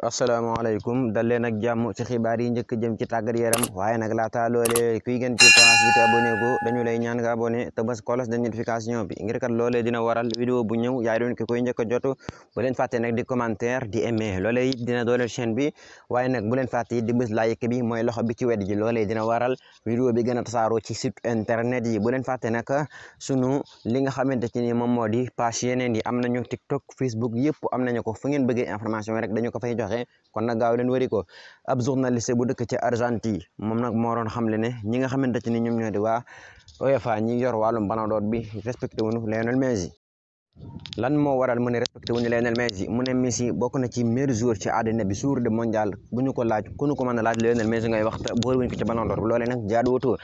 asalaamaaleykum dal leen ak jàmm ci xibaar yi njëkk jëm ci tàggat yaram waaye nag laata loolee kuy gen ci page bi te abonné ko dañu lay ñaan nga abonné te bës de notification bi ngir kat loolee dina waral vidéo bu ñëw yaay doon ki koy njëkk a jot bu leen fàtte nag di commentaire di aimer loolee it dina dooleel bi waaye nag bu leen fàtte it di bës like bi mooy loxo bi ci wet ji loolee dina waral vidéo bi gën a tasaaroo ci site internet yi bu leen fàtte nag sunu li nga xamante ci ni moom moo di page yeneen yi am nañu TikTok Facebook yëpp am nañu ko fu ngeen bëggee information rek dañu ko jox kon nag gaaw leen wari ko ab journaliste bu dëkk ci Argentine moom nag moo doon xamle ne ñi nga xamante ni ñoom ñoo di waa UEFA ñi yor wàllum Ballon d'Or bi respecté wuñu Lionel Messi lan moo waral mu ne wu ñu Lionel Messi mu Messi bokk na ci meilleur joueur ci àddina bi jour de mondial bu ñu laaj ku ñu ko a laaj Lionel Messi ngay wax te boole wuñ ko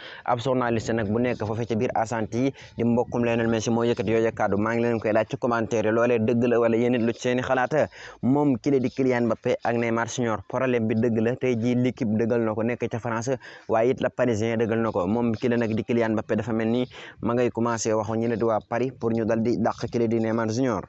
bu nekk foofee ci biir Argentine di mbokkum Lionel Messi moo yëkkati yooyu kàddu maa ngi leen koy laaj ci commentaire loolee wala yéen lu ci seeni xalaat moom kile di Kylian Mbappé ak Neymar Senior problème bi dëgg la tey jii dëggal na nekk ca France waaye Neymar Junior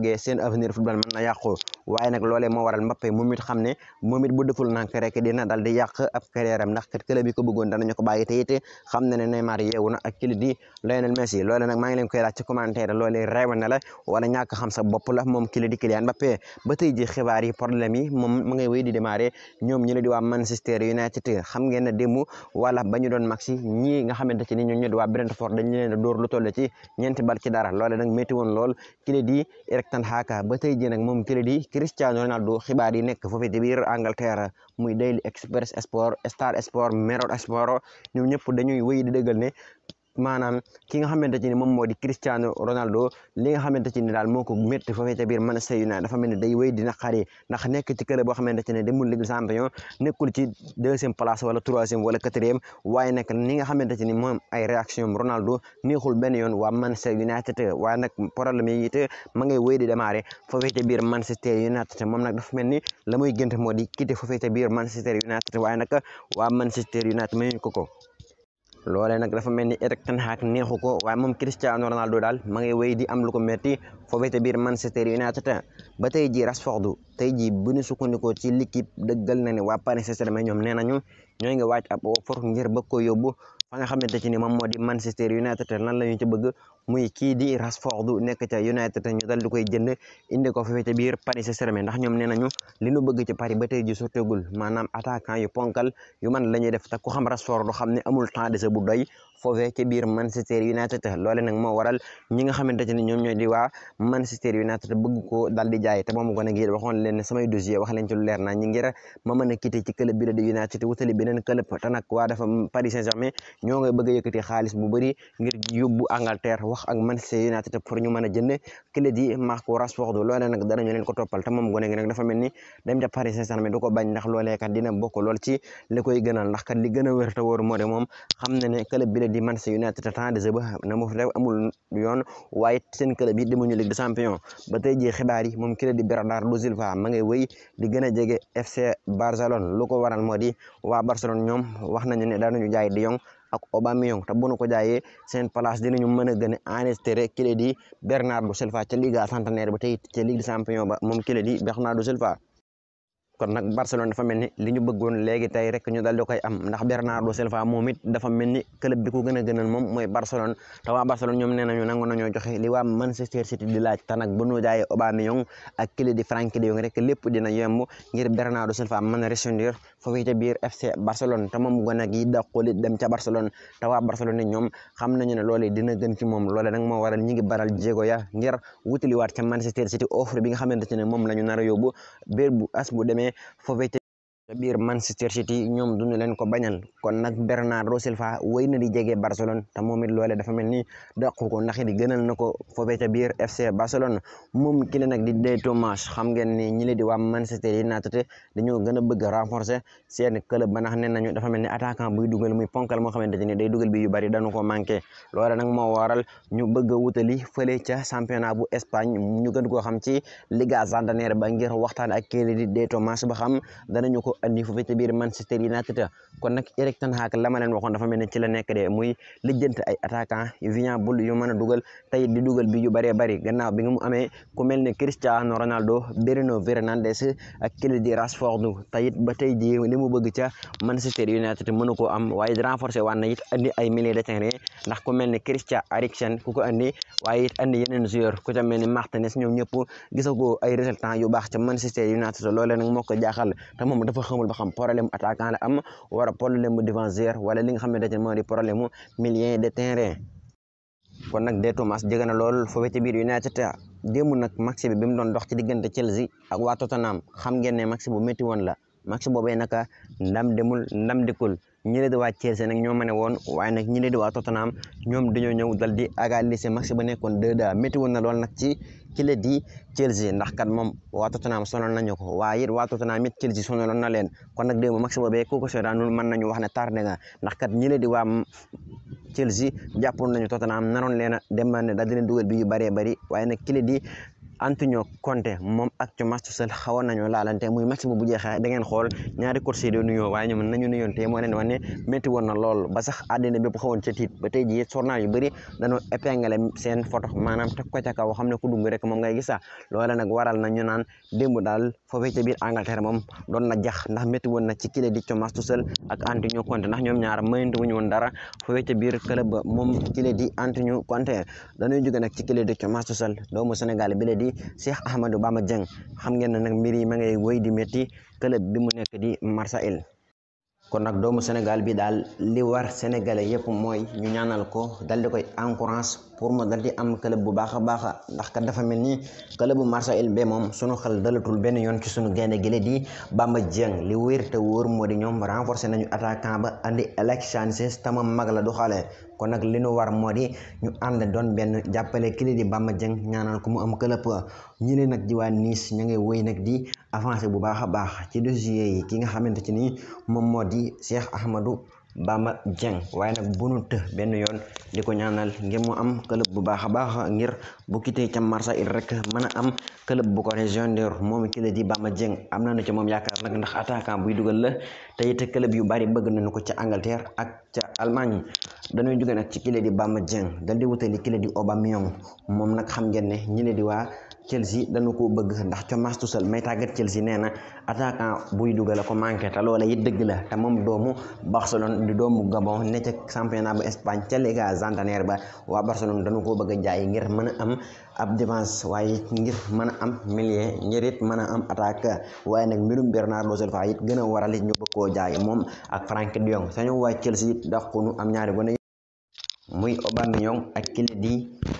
toogee seen avenir football mën na yàqu waaye nag loolee moo waral Mbappé moom xam ne moom bu deful nank rek dina daal di yàq ab carrière am ndax kat club yi ko bëggoon danañu ko bàyyi xam na ne Neymar yeewu ak kili di Lionel Messi loolee na ba tey ji xibaar yi Manchester United xam ngeen ne wala ba doon maxi ñii nga xamante ni ñoo di waa Brentford dañu leen a dóor lu nag métti woon lool kili di tan haka ba tey jii nag moom kële di Cristiano Ronaldo xibaar yi nekk foofee di biir Angleterre muy Daily Express Sport Star Sport Mirror Sport ñoom ñëpp dañuy wéy di ne maanaam ki nga xamante ci ne moom moo di Cristiano Ronaldo li nga xamante ci ne daal moo ko métti foofee ca biir Manchester United dafa mel ni day wéy dina ndax nekk ci club boo xamante ci ne demul Ligue des Champions nekkul ci deuxième place wala troisième wala quatrième waaye nag ni nga xamante ci moom ay réaction Ronaldo neexul benn yoon waa Manchester United waaye nag problème yi it ma ngay wéy di démarrer foofee ca biir Manchester United moom nag dafa mel ni la muy gënt moo di quitté foofee ca biir Manchester United waaye nag waa Manchester United mayuñ ko ko loolee nag dafa mel ni Eriksen Haak neexu ko waaye moom Cristiano Ronaldo daal maa ngay wéy di am lu ko metti foofee te biir Manchester United ba tey ji Rashford tey ji bu ñu sukkandikoo ci l'équipe dëggal na ne waa Paris saint ñoom nee nañu ñooy nga wàcc ab offre ngir bëgg ko yóbbu fa nga xamante ci ni moom moo di Manchester United lan nan lañu ci bëgg muy kii di Rashford nekk ca United ñu dal di koy jënd indi ko fi ca biir Paris Saint-Germain ndax ñoom nee nañu li ñu bëgg ci pari ba tey ji sotteegul maanaam attaquant yu ponkal yu man la ñuy def te ku xam Rashford xam ne amul temps de sa bu doy foofee ci biir Manchester United loole nag moo waral ñi nga xamante ne ñoom ñoo di waa Manchester United bëgg ko daal di jaay te moom gone gi waxoon leen samay dossier wax leen ci lu leer naa ñi ngir ma mën a quitté ci club bi la di United wutali beneen club te nag waa dafa Paris Saint-Germain ñoo ngay bëgg a yëkkati xaalis bu bëri ngir yóbbu Angleterre wax ak Manchester United pour ñu mën a jënd club yi Marco Rashford loole nag dara ñu leen ko toppal te moom gone gi nag dafa mel ni dem ca Paris Saint-Germain du ko bañ ndax loolee kat dina bokk lool ci li koy gënal ndax kat li gën a wér te wóor moo de moom xam na ne club bi la di Manchester United temps de jeu ba na mu def amul yoon waaye seen club yi demuñu Ligue des Champions ba tey jii xibaar yi moom kii di Bernardo Silva ma ngay wéy di gën jege FC Barcelone lu waral moo di waa Barcelone ñoom wax nañu ne daanuñu jaay De Jong ak Aubameyang te bu nu ko jaayee seen place dinañu mën a gën a enregistrer kii di Bernardo Silva ca Liga Santander ba tey ca Ligue ba moom kii di Bernardo Silva kon nag Barcelone dafa mel ni li ñu bëggoon léegi tey rek ñu dal di am ndax Bernardo Silva moom it dafa mel ni club bi ku gën a gënal moom mooy Barcelone te waa Barcelone ne nee nañu nangu nañoo joxe li waa Manchester City di laaj te nag bu ñu jaayee Aubameyang ak kili di Frenkie de Jong rek lépp dina yemb ngir Bernardo Silva mën a rescindir foofu ca biir FC Barcelone te moom gone gi dàquli dem ca Barcelone te waa Barcelone ñoom xam nañu ne loolu dina gën ci moom loole nag waral ñi ngi baral jéego ya ngir wutiliwaat ca Manchester City offre bi nga xamante ne moom la ñu nar a yóbbu bu as bu demee foofu biir Manchester City ñoom duñu leen ko bañal kon nag Bernardo Silva wéy na jege Barcelone te moom loole dafa mel ni dàqu ko ndax it gënal na ko foofee ca FC Barcelone moom ki nag di Dey Tomas xam ni ñi a dugal muy ponkal moo xamante day dugal bi bari dañu ko loole nag moo waral ñu bëgg a wutali fële championnat bu Espagne ñu gën koo ci Liga Santander ba ngir waxtaan ak kii di Dey Tomas ba xam danañu ko andi foofee ci biir Manchester United kon nag Erik ten Hag la ma leen waxoon dafa mel ni ci la nekk de muy lijjanti ay attaquant Vivian Boll yu mën dugal tey di dugal bi yu bëree bëri gannaaw bi nga mu amee ku mel ne Cristiano Ronaldo Bruno Fernandes ak kii di Rashford tey it ba tey jii li mu bëgg ca Manchester United mënu koo am waaye renforcer waan na it andi ay milieu de terrain ndax ku mel ne Christian Eriksen ku ko andi waaye it andi yeneen joueur ni Martinez ñoom ñëpp gisagoo ay résultats yu baax ca Manchester United moo ko jaaxal te moom xamul ba xam problème attaquant la am wala problème mu défenseur wala li nga xam ne dañu moo di problème de terrain kon nag De Thomas jege lool foofee ci biir United démb nag match bi bi mu doon dox Chelsea ak waa Tottenham xam ngeen ne match bu métti woon la match boobee naka ndam demul ndam dikkul ñi di waa Chelsea nag ñoo mane woon waaye nag ñi di waa Tottenham ñoom dañoo ñëw dal di égaliser match ba nekkoon 2-2 métti woon na lool nag ci kile di Chelsea ndax kat moom waa Tottenham sonal nañu ko waaye it waa Tottenham it Chelsea sonaloon na leen kon nag démb match boobee ku ko seetaanul mën nañu wax ne tardé nga ndax kat ñi di waa Chelsea jàppoon nañu Tottenham naroon leen a dem ne daal di leen dugal bi yu bëree bari waaye nag kile di Antonio Conte moom ak Thomas Tuchel xawoon nañoo laalante muy match bu jeexee da ngeen xool ñaari course yi di nuyoo waaye ñoom nañu nuyoon te moo leen wane métti woon na lool ba sax àddina bépp xawoon ca tiit ba tey jii journal yu bëri dañoo épinglé seen photo maanaam teg ko ca kaw xam ne ku dugg rek moom ngay gisa loola nag waral na ñu naan démb daal foofee ca biir Angleterre moom doon na jax ndax métti woon na ci kile di Thomas Tuchel ak Antonio Conte ndax ñoom ñaar mayante wuñu woon dara foofee ca biir club moom kile di Antonio Conte dañuy jóge nag ci kile di Thomas Tuchel doomu Sénégal bi muy Cheikh bama Bamba Dieng xam ngeen ne nag mbir yi ma ngay wéy di métti club bi mu nekk di Marseille kon nag doomu Sénégal bi daal li war sénégalais yëpp mooy ñu ñaanal ko dal di koy encourage pour mu dal di am club bu baax a baax ndax kat dafa mel ni club bu Marseille bi moom sunu xel dalatul benn yoon ci sunu gaynde gile di Bamba Dieng li wér te wóor moo di ñoom renforcé nañu attaquant ba andi Alexis Sanchez tama mag la du xale kon nag li nu war moo di ñu ànd doon benn jàppale kile di Bamba Dieng ñaanal ko mu am club ñi ne nag di waa Nice ñu ngi wéy nag di avance bu baax a baax ci dossier yi ki nga xamante ci ni moom moo di di Cheikh Ahmadou Bamba Dieng waaye nag bu nu të benn yoon di ko ñaanal ngir mu am club bu baax a baax ngir bu kitee ca Marseille rek mën am club bu ko régionnaire moom ki la di Bamba Dieng am nañu ci moom yaakaar nag ndax attaquant buy dugal la te it club yu bari bëgg nañu ko ca Angleterre ak ca Allemagne dañuy jóge nag ci ki la di Bamba Dieng dal di wutali ki la di Aubameyang moom nag xam ngeen ñi la Chelsea dañu ko bëgg ndax Thomas Tuchel may tàggat Chelsea nee na attaquant buy dugal ko manqué te loola it dëgg la te moom doomu Barcelone di doomu Gabon ne ca championnat bu Espagne ca Liga Santander ba waa Barcelone dañu ko bëgg a jaay ngir mën a am ab défense waaye ngir mën am milieu ngir mën a am attaque waaye nag mbirum Bernardo Silva it gën a waral it ñu bëgg jaay moom a Frenkie de Jong sañu waa Chelsea it am ñaari gone muy Aubameyang ak kile di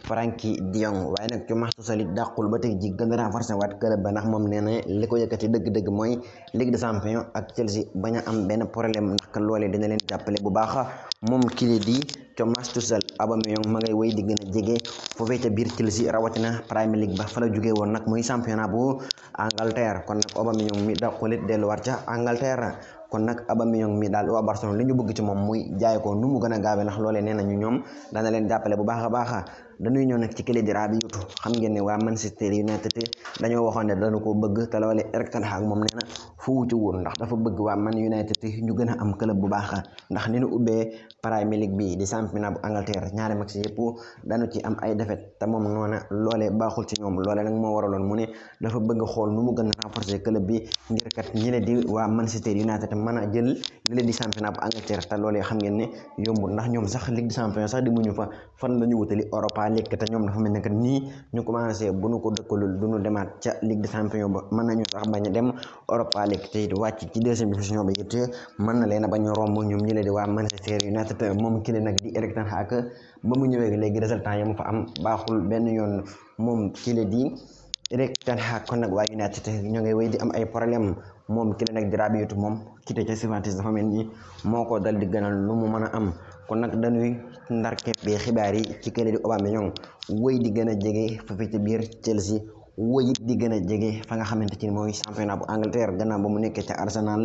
Frenkie de Jong waaye nag Max Tuchel it dàqul ba tey ji gën a renforcer waat club ba ndax moom nee na li ko yëkkati dëgg-dëgg mooy Ligue des Champions ak Chelsea bañ a am benn problème loole loolee dina leen jàppale bu baax a moom kile di Thomas Tuchel Aubameyang ma ngay wéy di gën a jege foofee ca biir Chelsea rawatina Premier League ba fa la jógee woon nag muy championnat bu Angleterre kon nag Aubameyang mi dàqulit delluwaat ca Angleterre kon nag Aubameyang mi daal waa Barcelone li ñu bëgg ci moom muy jaay ko nu na gën a gaawee ndax loolee nee nañu ñoom dana leen jàppale bu baax a baax dañuy ñëw nag ci kële di Rabiot xam ngeen ne waa Manchester United dañoo waxoon ne dañu ko bëgg te loolee Erik ten Hag moom nee fu ci woon ndax dafa bëgg waa Man United ñu gën a am bu baax ndax ni ñu ubbee Premier League bi di championnat bu Angleterre ñaari match yëpp dañu ci am ay défaite te moom noona loolee baaxul ci ñoom loolee nag moo waraloon mu ne dafa bëgg xool nu mu gën a renforcer club bi ngir kat ñi leen di waa Manchester United mën a jël li leen di championnat bu Angleterre te loolee xam ngeen ne yombul ndax ñoom sax Ligue des Champions sax fa fan la ñu wutali Europa lekk te ñoom na mel ne que nii ñu commencé bu nu ko dëkkalul du ñu demaat ca ba mën nañu a dem Europa League te it ci deuxième division ba man na leen a bañ a romb ñoom ñi leen di waa Manchester United moom ki leen nag di Erik ten Hag ba mu ñëwee léegi résultat yi mu fa am baaxul benn yoon moom ki leen di Erik ten Hag kon nag waa United ñoo ngi wéy di am ay problème moom ki leen nag di Rabiot moom kite ca Juventus dafa mel ni moo ko dal di gënal lu mu mën a am. kon nag dañuy ndar keppee xibaar yi ci kële di Aubameyang woy di gën a jege fa ci biir Chelsea woy it di gën a jege fa nga xamante ci mooy championnat bu Angleterre gannaaw ba mu nekkee ca Arsenal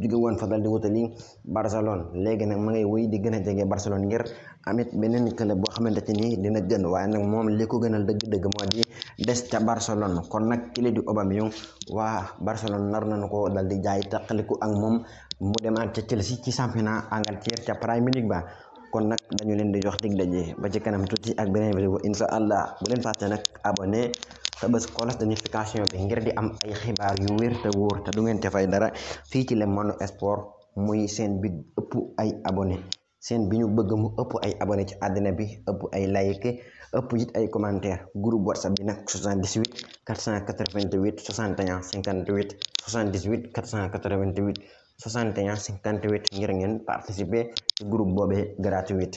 jóge woon fa dal di wutali Barcelone léegi nag ma ngay woy di gën a jege Barcelone ngir amit beneen club boo xamante ci ni dina gën waaye nag moom li ko gënal dëgg-dëgg moo di des ca Barcelone kon nag kële di Aubameyang waa Barcelone nar nañu ko dal di jaay taqaliku ak moom mu demaan ca Chelsea ci championnat Angleterre ca Premier League ba kon nag dañu leen di jox dig daje ba ci kanam tuuti ak beneen vidéo incha allah bu leen fàtte nag abonné te bés kolas de notification bi ngir di am ay xibaar yu wér te wóor te du ngeen te fay dara fii ci Le Monde Sport muy seen bi ëpp ay abone seen bi ñu bëgg mu ëpp ay abonné ci àddina bi ëpp ay like ëpp it ay commentaire groupe whatsapp bi nag 78 488 61 58 78 488 61 58 ngir ngeen participer ci groupe boobee